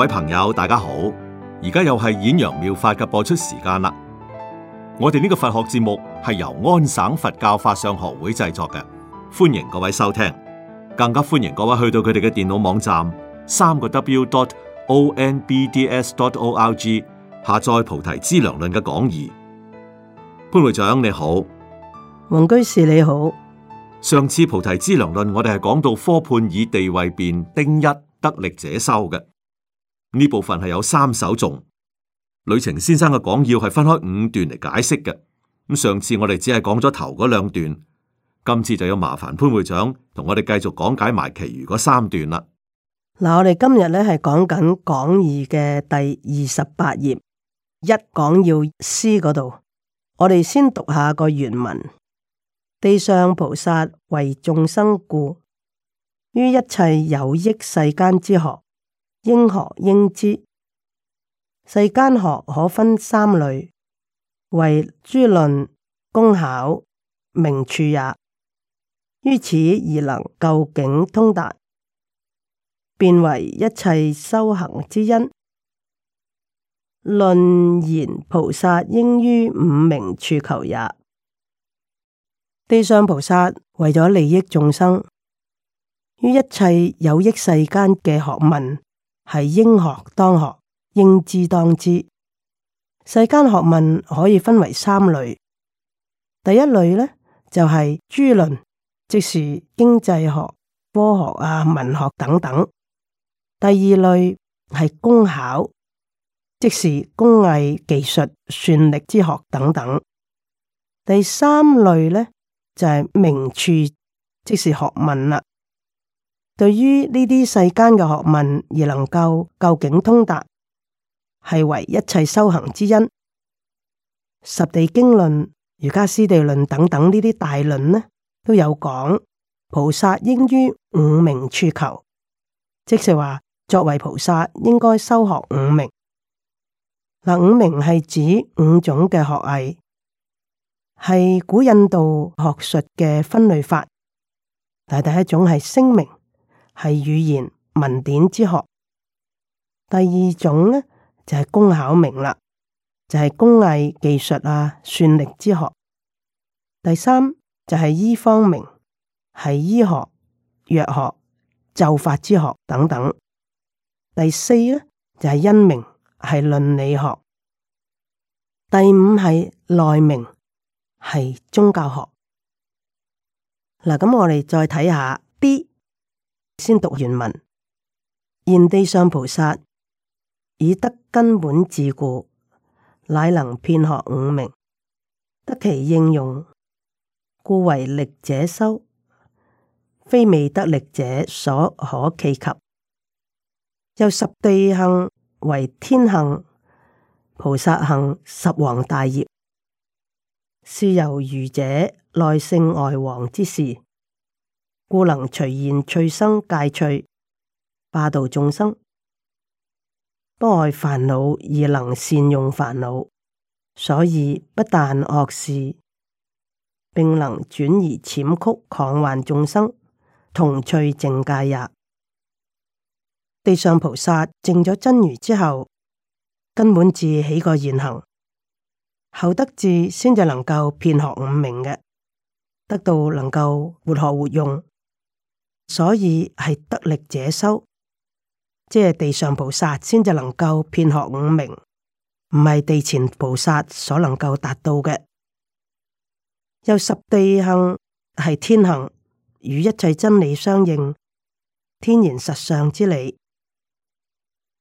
各位朋友，大家好！而家又係演揚妙法嘅播出時間啦。我哋呢個佛學節目係由安省佛教法相學會製作嘅，歡迎各位收聽，更加歡迎各位去到佢哋嘅電腦網站三個 w.dot.o.n.b.d.s.dot.o.r.g 下載《菩提資糧論》嘅講義。潘會長你好，黃居士你好。上次《菩提資糧論》，我哋係講到科判以地位變丁一得力者修嘅。呢部分係有三首頌，呂程先生嘅講要係分開五段嚟解釋嘅。咁上次我哋只係講咗頭嗰兩段，今次就要麻煩潘會長同我哋繼續講解埋其餘嗰三段啦。嗱，我哋今日咧係講緊《講義》嘅第二十八頁一講要詩嗰度，我哋先讀下個原文：地上菩薩為眾生故，於一切有益世間之學。應學應知，世間學可分三類，為諸論、工巧、明處也。於此而能究竟通達，變為一切修行之因。論言菩薩應於五明處求也。地上菩薩為咗利益眾生，於一切有益世間嘅學問。係應學當學，應知當知。世間學問可以分為三類，第一類呢，就係諸論，即是經濟學、科學啊、文學等等；第二類係工巧，即是工藝技術、算力之學等等；第三類呢，就係、是、名處，即是學問啦。對於呢啲世間嘅學問而能夠究竟通達，係為一切修行之因。《十地經論》、《瑜伽師地論》等等呢啲大論呢，都有講菩薩應於五明處求，即是話作為菩薩應該修學五明。嗱，五明係指五種嘅學藝，係古印度學術嘅分類法。但第一種係聲明。係語言文典之學，第二種呢，就係、是、工巧明啦，就係、是、工藝技術啊算力之學。第三就係醫方明，係醫學、藥學、咒法之學等等。第四呢，就係因明，係論理學。第五係內明，係宗教學。嗱，咁我哋再睇下 D。先讀原文。現地上菩薩以得根本自故，乃能遍學五明，得其應用，故為力者修，非未得力者所可企及。又十地行為天行菩薩行十王大業，是由愚者內聖外王之事。故能隨緣趣生戒趣，化度眾生，不愛煩惱而能善用煩惱，所以不但惡事，並能轉移淺曲狂幻眾生，同趣淨界也。地上菩薩證咗真如之後，根本智起個現行，後得智先至能夠遍學五明嘅，得到能夠活學活用。所以係得力者收，即係地上菩薩先至能夠遍學五明，唔係地前菩薩所能夠達到嘅。有十地行係天行，與一切真理相應，天然實相之理。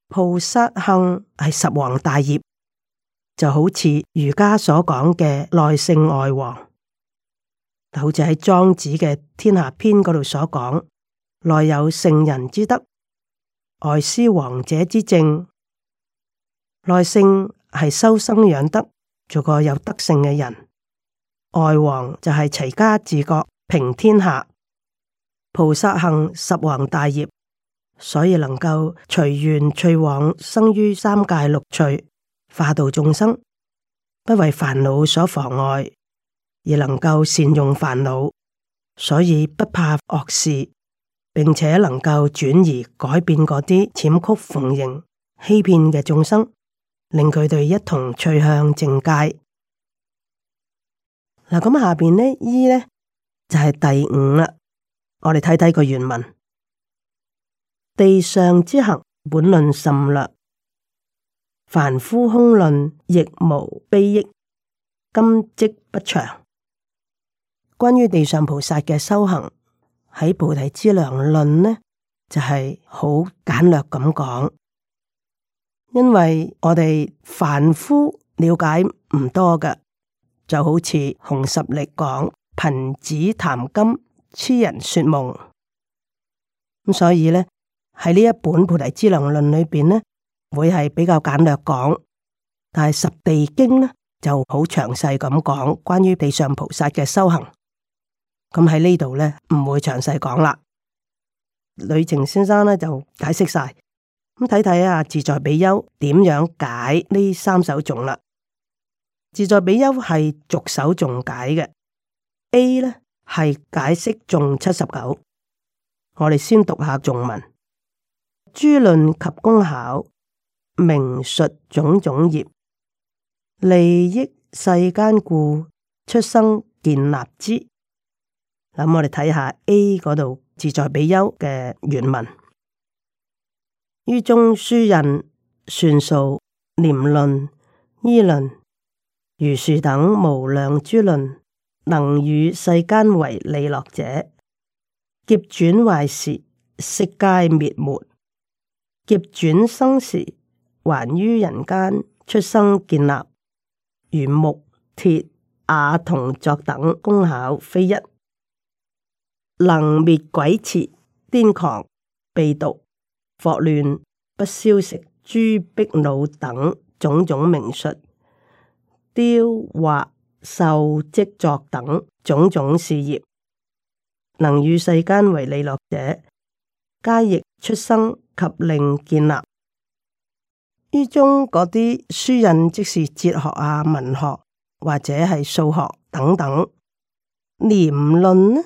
菩薩行係十王大業，就好似儒家所講嘅內聖外王，就好似喺《莊子》嘅《天下篇》嗰度所講。內有聖人之德，外施王者之政。內聖係修生養德，做個有德性嘅人；外王就係齊家治國平天下，菩薩行十王大業，所以能夠隨緣隨往，生於三界六趣，化度眾生，不為煩惱所妨礙，而能夠善用煩惱，所以不怕惡事。並且能夠轉移改變嗰啲淺曲逢迎、欺騙嘅眾生，令佢哋一同趣向淨界。嗱、啊，咁下邊呢？依、e、呢就係、是、第五啦。我哋睇睇個原文：地上之行本論甚略，凡夫空論亦無悲益，今即不詳。關於地上菩薩嘅修行。喺《菩提資糧論》呢，就係、是、好簡略咁講，因為我哋凡夫了解唔多嘅，就好似紅十力講貧子談金，痴人說夢。咁所以呢，喺呢一本《菩提資糧論》裏邊呢，會係比較簡略講，但係《十地經》呢就好詳細咁講關於地上菩薩嘅修行。咁喺呢度呢，唔會詳細講啦。呂澄先生呢，就解釋晒，咁睇睇啊自在比丘點樣解呢三首頌啦。自在比丘係逐首頌解嘅 A 呢，係解釋頌七十九。我哋先讀下頌文：諸論及工巧，明術種種業，利益世間故，出生建立之。咁、嗯、我哋睇下 A 嗰度自在比丘嘅原文，於中書印算數、念論、依論、如是等無量諸論，能與世間為利樂者，劫轉壞時，悉皆滅沒；劫轉生時，還於人間，出生建立，如木、鐵、瓦銅作等功效，非一。能滅鬼切、癲狂、被毒、霍亂、不消食、豬逼腦等種種名術，雕畫、繡織作等種種事業，能與世間為利樂者，皆亦出生及令建立。於中嗰啲書印即是哲學啊、文學或者係數學等等，年論呢？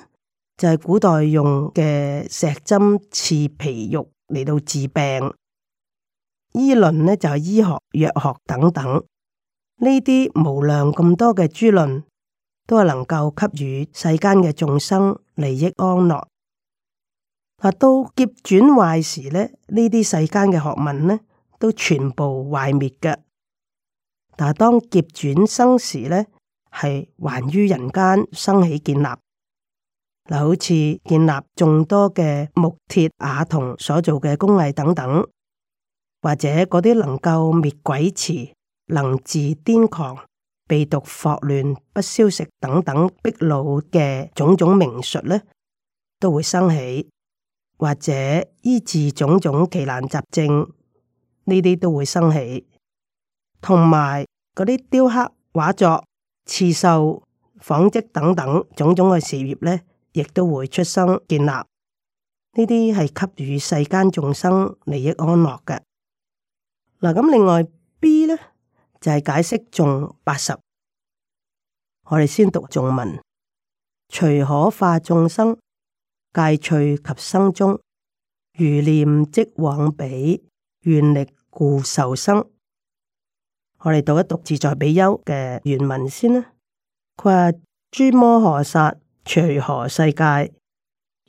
就係古代用嘅石針刺皮肉嚟到治病，醫論呢，就係醫學、藥學等等，呢啲無量咁多嘅諸論，都係能夠給予世間嘅眾生利益安樂。啊，到劫轉壞時呢，呢啲世間嘅學問呢，都全部壞滅嘅。但係當劫轉生時呢，係還於人間生起建立。嗱，好似建立眾多嘅木、鐵、瓦、銅所做嘅工藝等等，或者嗰啲能夠滅鬼祠、能治癲狂、被毒霍亂、不消食等等秘魯嘅種種名術呢，都會生起；或者醫治種種奇難雜症呢啲都會生起，同埋嗰啲雕刻、畫作、刺繡、紡織等等種種嘅事業呢。亦都會出生建立，呢啲係給予世間眾生利益安樂嘅。嗱，咁另外 B 呢就係、是、解釋頌八十，我哋先讀頌文，隨可化眾生，界趣及生中，如念即往彼願力故受生。我哋讀一讀自在比丘嘅原文先啦。佢話諸魔何殺？隨何世界，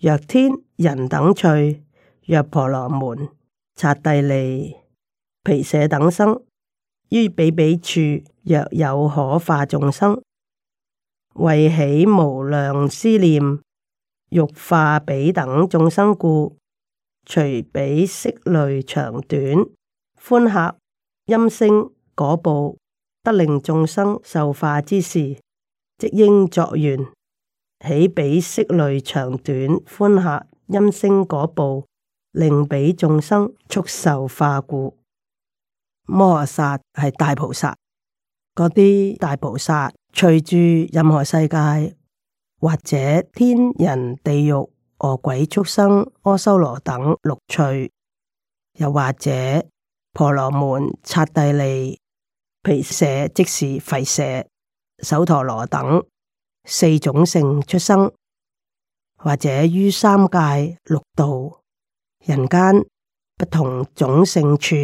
若天人等趣，若婆羅門、剎帝利、皮舍等生于彼彼處，若有可化眾生，為起無量思念，欲化彼等眾生故，隨彼色類長短、寬狹、音聲、果報，得令眾生受化之時，即應作緣。起彼色類長短寬狹音聲果報，令彼眾生速受化故。摩訶薩係大菩薩，嗰啲大菩薩隨住任何世界，或者天人地獄、地獄、餓鬼、畜生、阿修羅等六趣，又或者婆羅門、剎帝利、皮舍、即是吠舍、首陀羅等。四種性出生，或者於三界六道人間不同種性處，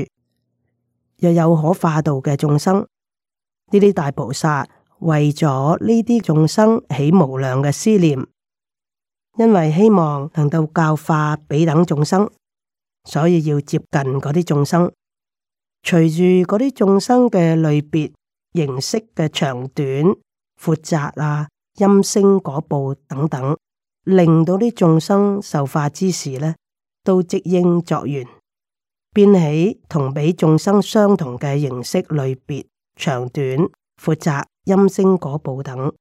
又有可化度嘅眾生。呢啲大菩薩為咗呢啲眾生起無量嘅思念，因為希望能夠教化彼等眾生，所以要接近嗰啲眾生。隨住嗰啲眾生嘅類別、形式嘅長短、闊窄啊。音聲果報等等，令到啲眾生受化之時呢，都即應作完。變起同俾眾生相同嘅形式類別、長短、闊窄、音聲果報等，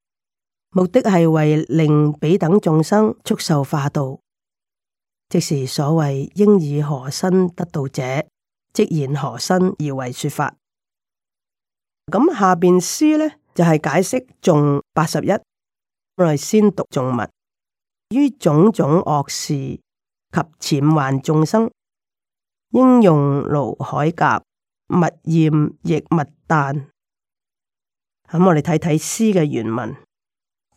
目的係為令彼等眾生速受化道。即是所謂應以何身得道者，即現何身而為說法。咁下邊頌呢就係、是、解釋仲八十一。內先讀眾物於種種惡事及淺患眾生，應用爐海甲勿厭亦勿但。咁、嗯、我哋睇睇詩嘅原文，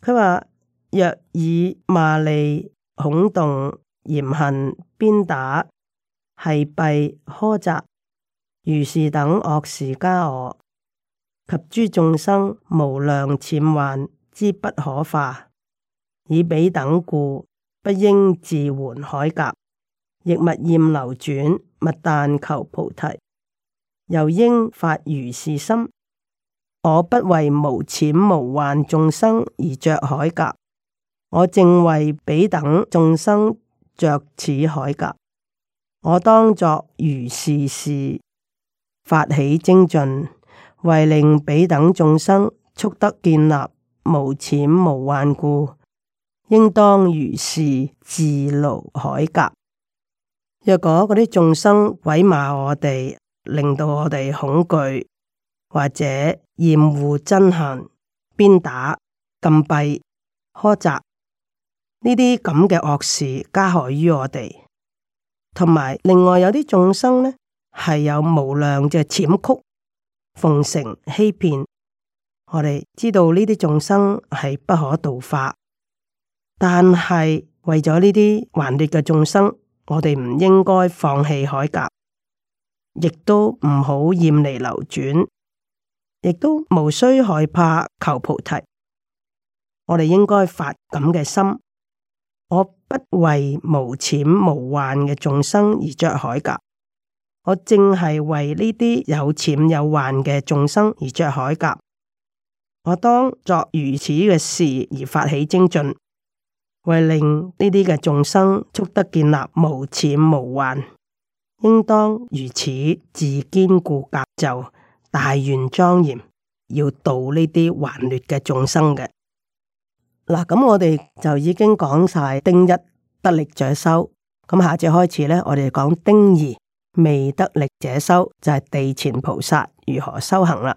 佢話若以罵詈恐動、嚴恨、鞭打、繫閉、苛責、如是等惡事加我，及諸眾生無量淺患。之不可化，以彼等故，不應自緩鎧甲。亦勿厭流轉，勿但求菩提，又應發如是心：我不為無淺無患眾生而着鎧甲。我正為彼等眾生着此鎧甲。我當作如是事，發起精進，為令彼等眾生速得建立。無淺無患故，應當如是自勞海格。若果嗰啲眾生毀罵我哋，令到我哋恐懼，或者厭惡、憎恨、鞭打、禁閉、苛責呢啲咁嘅惡事加於，加害於我哋，同埋另外有啲眾生呢，係有無量嘅淺曲、奉承欺騙、欺騙。我哋知道呢啲眾生係不可度化，但係為咗呢啲頑劣嘅眾生，我哋唔應該放棄鎧甲，亦都唔好厭離流轉，亦都無需害怕求菩提。我哋應該發咁嘅心：我不為無淺無患嘅眾生而着鎧甲，我淨係為呢啲有淺有患嘅眾生而着鎧甲。我當作如此嘅事而發起精進，為令呢啲嘅眾生速得建立無諂無幻，應當如此自堅固甲胄，大願莊嚴，要度呢啲頑劣嘅眾生嘅。嗱，咁我哋就已經講晒丁一得力者修，咁下節開始咧，我哋講丁二未得力者修，就係、是、地前菩薩如何修行啦。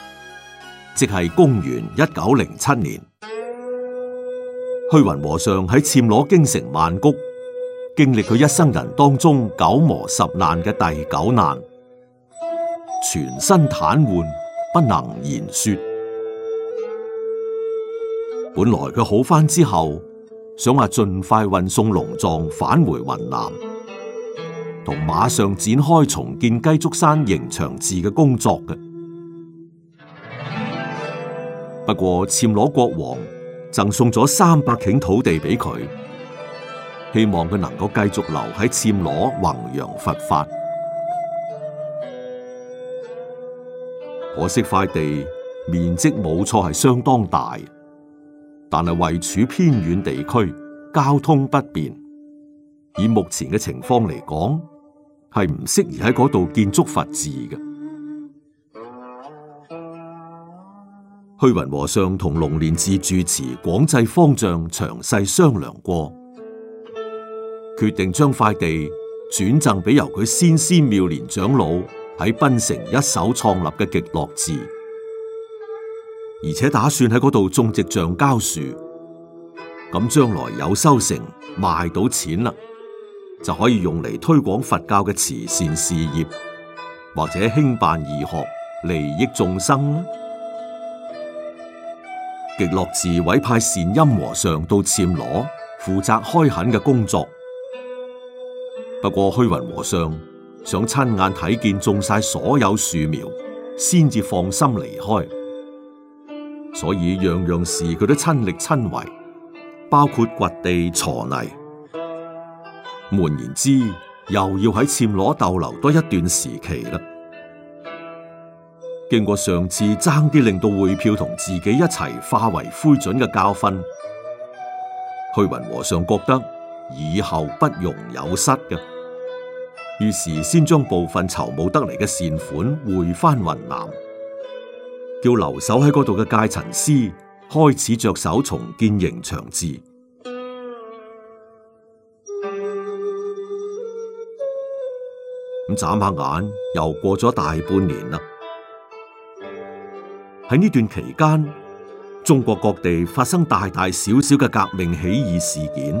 即係公元一九零七年，虛雲和尚喺暹羅京城曼谷，經歷佢一生人當中九磨十難嘅第九難，全身癱瘓，不能言說。本來佢好翻之後，想話盡快運送龍藏返回雲南，同馬上展開重建雞足山迎祥寺嘅工作嘅。不過，暹羅國王贈送咗三百頃土地俾佢，希望佢能夠繼續留喺暹羅弘揚佛法。可惜塊地面積冇錯係相當大，但係位處偏遠地區，交通不便。以目前嘅情況嚟講，係唔適宜喺嗰度建築佛寺嘅。虛雲和尚同龍蓮寺住持廣濟方丈詳細商量過，決定將塊地轉贈俾由佢先師妙蓮長老喺檳城一手創立嘅極樂寺，而且打算喺嗰度種植橡膠樹。咁將來有收成賣到錢啦，就可以用嚟推廣佛教嘅慈善事業，或者興辦義學，利益眾生極樂寺委派善音和尚到暹羅負責開墾嘅工作，不過虛雲和尚想親眼睇見種晒所有樹苗，先至放心離開，所以樣樣事佢都親力親為，包括掘地鋤泥。換言之，又要喺暹羅逗留多一段時期啦。經過上次爭啲令到匯票同自己一齊化為灰燼嘅教訓，虛雲和尚覺得以後不容有失嘅，於是先將部分籌募得嚟嘅善款匯返雲南，叫留守喺嗰度嘅戒塵師開始着手重建迎祥寺。咁眨下眼又過咗大半年啦。喺呢段期間，中國各地發生大大小小嘅革命起義事件，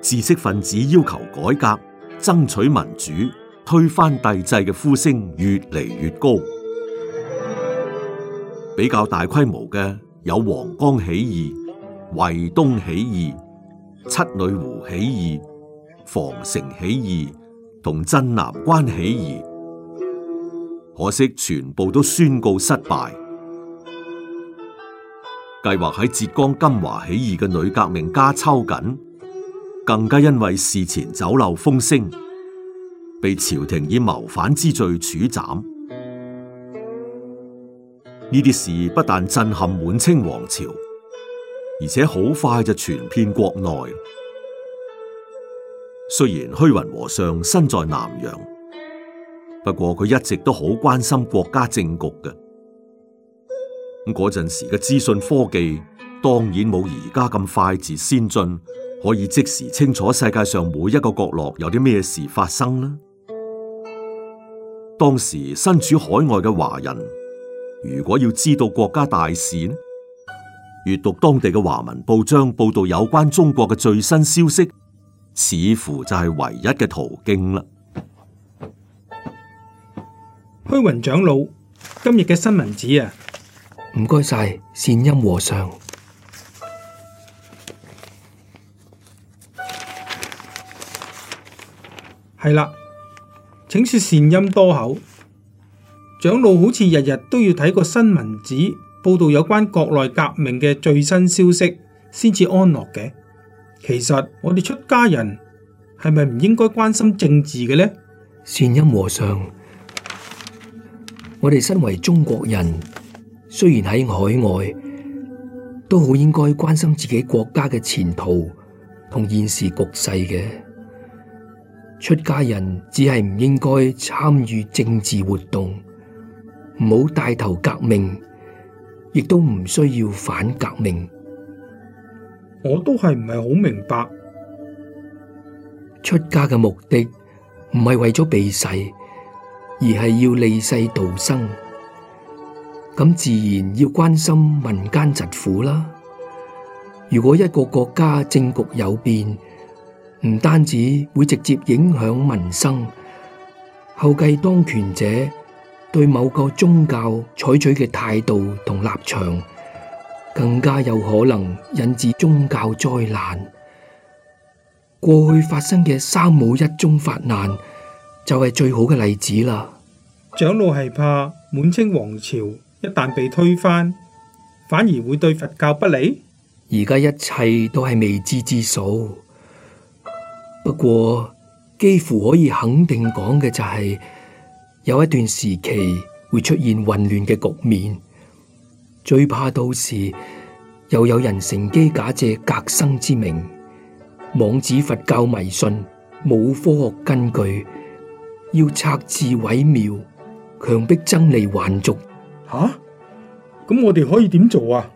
知識分子要求改革，爭取民主、推翻帝制嘅呼聲越嚟越高。比較大規模嘅有黃岡起義、惠東起義、七女湖起義、防城起義同鎮南關起義。可惜全部都宣告失敗。計劃喺浙江金華起義嘅女革命家秋瑾，更加因為事前走漏風聲，被朝廷以謀反之罪處斬。呢啲事不但震撼滿清王朝，而且好快就傳遍國內。雖然虛雲和尚身在南洋。不過佢一直都好關心國家政局嘅，嗰陣時嘅資訊科技當然冇而家咁快捷先進，可以即時清楚世界上每一個角落有啲咩事發生啦。當時身處海外嘅華人，如果要知道國家大事，閱讀當地嘅華文報章報道有關中國嘅最新消息，似乎就係唯一嘅途徑啦。虛雲長老，今日嘅新聞紙啊，唔該晒，善音和尚。係啦，請說。善音多口，長老好似日日都要睇個新聞紙，報道有關國內革命嘅最新消息，先至安樂嘅。其實我哋出家人係咪唔應該關心政治嘅呢？善音和尚。我哋身為中國人，雖然喺海外，都好應該關心自己國家嘅前途同現時局勢嘅。出家人只係唔應該參與政治活動，唔好帶頭革命，亦都唔需要反革命。我都係唔係好明白，出家嘅目的唔係為咗避世，而係要利世度生，咁自然要關心民間疾苦啦。如果一個國家政局有變，唔單止會直接影響民生，後繼當權者對某個宗教採取嘅態度同立場，更加有可能引致宗教災難。過去發生嘅三武一宗法難，就係最好嘅例子啦。長老係怕滿清皇朝一旦被推翻，反而會對佛教不利。而家一切都係未知之數，不過幾乎可以肯定講嘅就係、是、有一段時期會出現混亂嘅局面。最怕到時又有人乘機假借革新之名，妄指佛教迷信，冇科學根據。要拆寺毀廟，強迫僧尼還俗。吓、啊，咁我哋可以點做啊？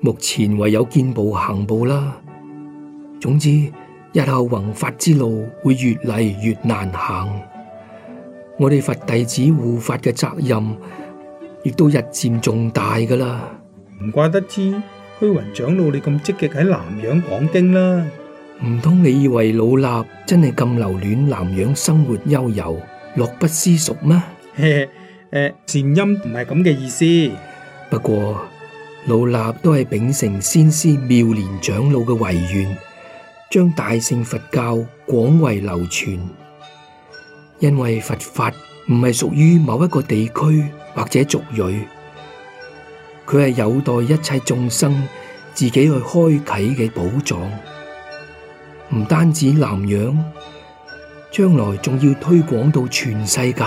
目前唯有見步行步啦。總之，日後弘法之路會越嚟越難行。我哋佛弟子護法嘅責任，亦都日漸重大噶啦。唔怪得知虛雲長老你咁積極喺南洋講經啦。唔通你以為老衲真係咁留戀南洋生活悠遊樂不思蜀咩？誒，善音唔係咁嘅意思。不過老衲都係秉承先師妙蓮長老嘅遺願，將大乘佛教廣為流傳。因為佛法唔係屬於某一個地區或者族裔，佢係有待一切眾生自己去開啟嘅寶藏。唔單止南洋，將來仲要推廣到全世界，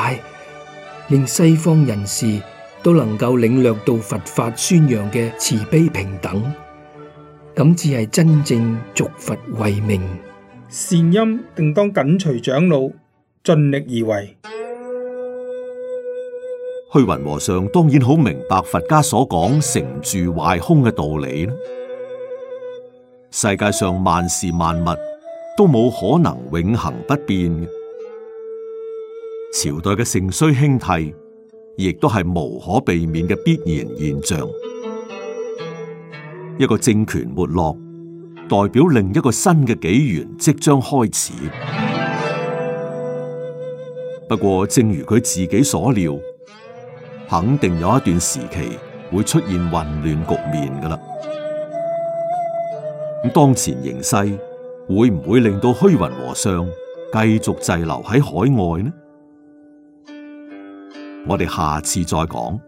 令西方人士都能夠領略到佛法宣揚嘅慈悲平等，咁只係真正續佛慧命。善音定當緊隨長老，盡力而為。虛雲和尚當然好明白佛家所講成住壞空嘅道理，世界上萬事萬物，都冇可能永恒不變嘅，朝代嘅盛衰興替，亦都係無可避免嘅必然現象。一個政權沒落，代表另一個新嘅紀元即將開始。不過，正如佢自己所料，肯定有一段時期會出現混亂局面噶啦。咁當前形勢。會唔會令到虛雲和尚繼續滯留喺海外呢？我哋下次再講。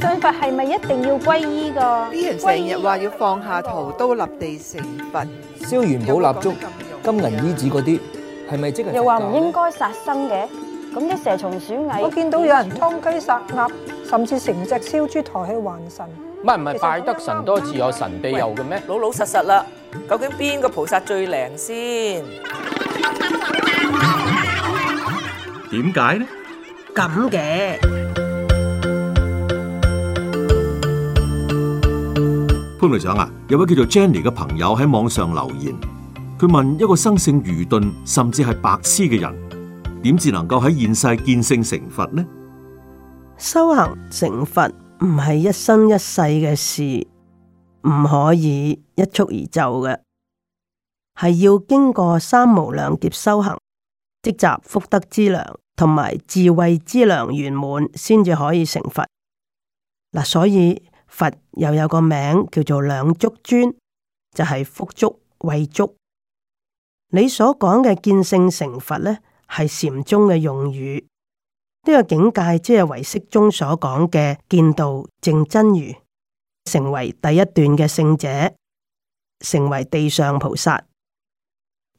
信佛係咪一定要皈依噶？啲人成日話要放下屠刀立地成佛，燒元寶、蠟燭、金銀衣紙嗰啲，係咪即係？又話唔應該殺生嘅，咁啲蛇蟲鼠蟻，我見到有人劏雞殺鴨，嗯、甚至成隻燒豬抬去還神。唔係唔係，拜得神多自有神庇佑嘅咩？喂老老實實啦。究竟邊個菩薩最靈先？點解呢？咁嘅潘部長啊，有位叫做 Jenny 嘅朋友喺網上留言，佢問一個生性愚鈍甚至係白痴嘅人，點至能夠喺現世見性成佛呢？修行成佛唔係一生一世嘅事，唔可以一蹴而就嘅，係要經過三無兩劫修行，積集福德之量同埋智慧之量圓滿，先至可以成佛。嗱、啊，所以佛又有個名叫做兩足尊，就係、是、福足、慧足。你所講嘅見性成佛咧，係禪宗嘅用語，呢、這個境界即係唯識中所講嘅見道正真如。成為第一段嘅聖者，成為地上菩薩，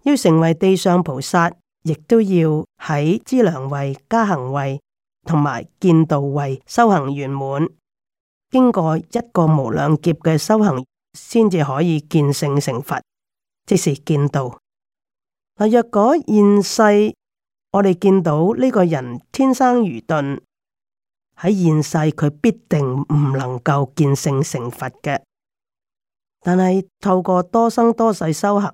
要成為地上菩薩，亦都要喺資糧位、加行位同埋見道位修行圓滿，經過一個無量劫嘅修行，先至可以見性成佛，即是見道。若果現世我哋見到呢個人天生愚鈍。喺現世，佢必定唔能夠見性成佛嘅。但係透過多生多世修行，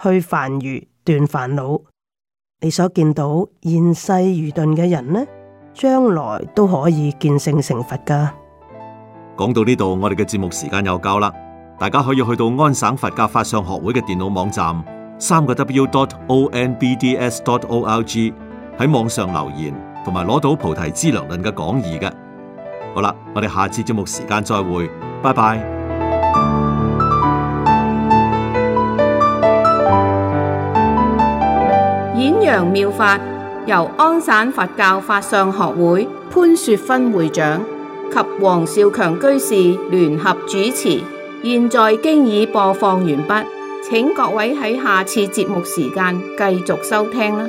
去煩愚斷煩惱，你所見到現世愚鈍嘅人呢，將來都可以見性成佛噶。講到呢度，我哋嘅節目時間又夠啦，大家可以去到安省佛教法相學會嘅電腦網站，三個 W dot O N B D S dot O R G 喺網上留言。同埋攞到《菩提資糧論》嘅講義嘅，好啦，我哋下次節目時間再會，拜拜。演揚妙法由安省佛教法相學會潘雪芬會長及黃少強居士聯合主持，現在經已播放完畢，請各位喺下次節目時間繼續收聽啦。